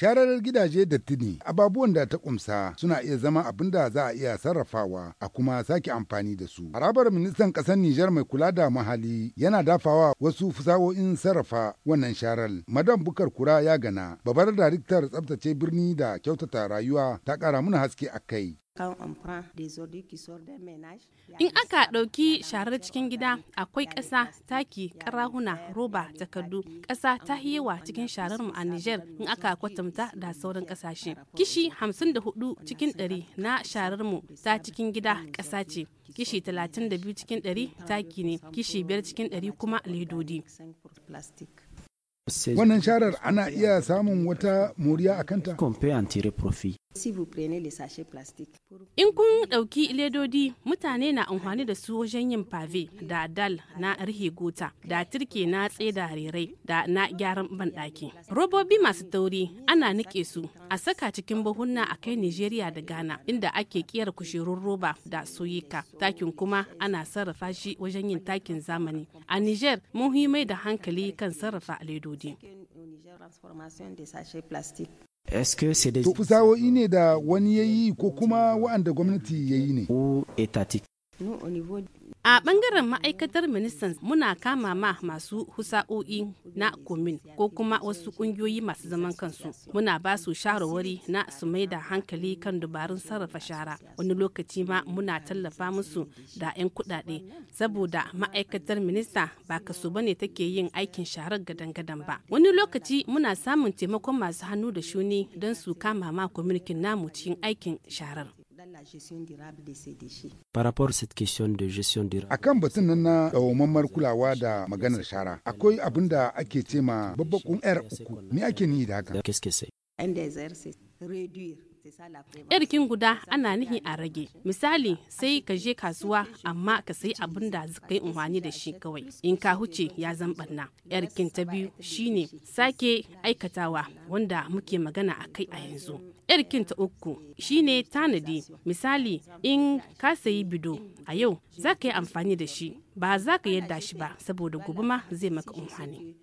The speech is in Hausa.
sharar gidaje da tuni ababuwan da ta kumsa suna iya zama abin da za a iya sarrafawa a kuma sake amfani da su. Harabar ministan ƙasar Nijar mai kula da mahali yana dafawa wasu fusawo'in sarrafa wannan sharar. Madam Bukar Kura ya gana, babar daraktar tsabtace birni da kyautata rayuwa ta ƙara mana haske a kai. In aka ɗauki sharar cikin gida akwai ƙasa, taki, ƙarahuna, roba, takardu. Ƙasa ta yawa cikin sharar mu a Nijar in aka kwatanta da sauran ƙasashe. Kishi 54 cikin 100 na sharar mu ta cikin gida ƙasa ce. Kishi 32 cikin 100 taki ne, kishi 5 cikin 100 kuma ledodi. Wannan sharar ana iya samun wata moriya a kanta? In kun ɗauki ledodi mutane na amfani da su wajen yin pave da dal na rihe gota da turke na tseda rerai da na gyaran banɗaki. Robobi masu tauri ana nike su a saka cikin buhunna a kai Nigeria da Ghana inda ake kiyar kushirun roba da soyika. Takin kuma ana sarrafa shi wajen yin takin zamani. A Niger mun mai da hankali kan sarrafa ledodi. To sa'o'i ne da wani yayi ko kuma wa'anda gwamnati ya yi ne? A bangaren ma'aikatar ministan muna kama ma masu husa'o'i na komin ko kuma wasu ƙungiyoyi masu zaman kansu. Muna ba su shawarwari na su mai da hankali kan dubarun sarrafa shara. Wani lokaci ma muna tallafa musu da 'yan kuɗaɗe saboda ma'aikatar minista ba ba ne take yin aikin sharar gadan-gadan ba. Wani lokaci muna samun taimakon masu hannu da shuni don su kama ma kwamirkin namu cikin aikin sharar. Par rapport à cette question de gestion durable. Qu'est-ce que c'est? Irkin guda ana nihi a rage. Misali sai ka je kasuwa amma ka sayi abin da kai unwani da shi kawai. In ka huce ya zan barna. Irkin ta biyu shine sake aikatawa wanda muke magana a kai a yanzu. Irkin ta uku shine tanadi. Misali in ka sayi bido a yau za ka yi amfani da shi ba za ka yadda shi ba saboda gobe ma zai maka unhwani.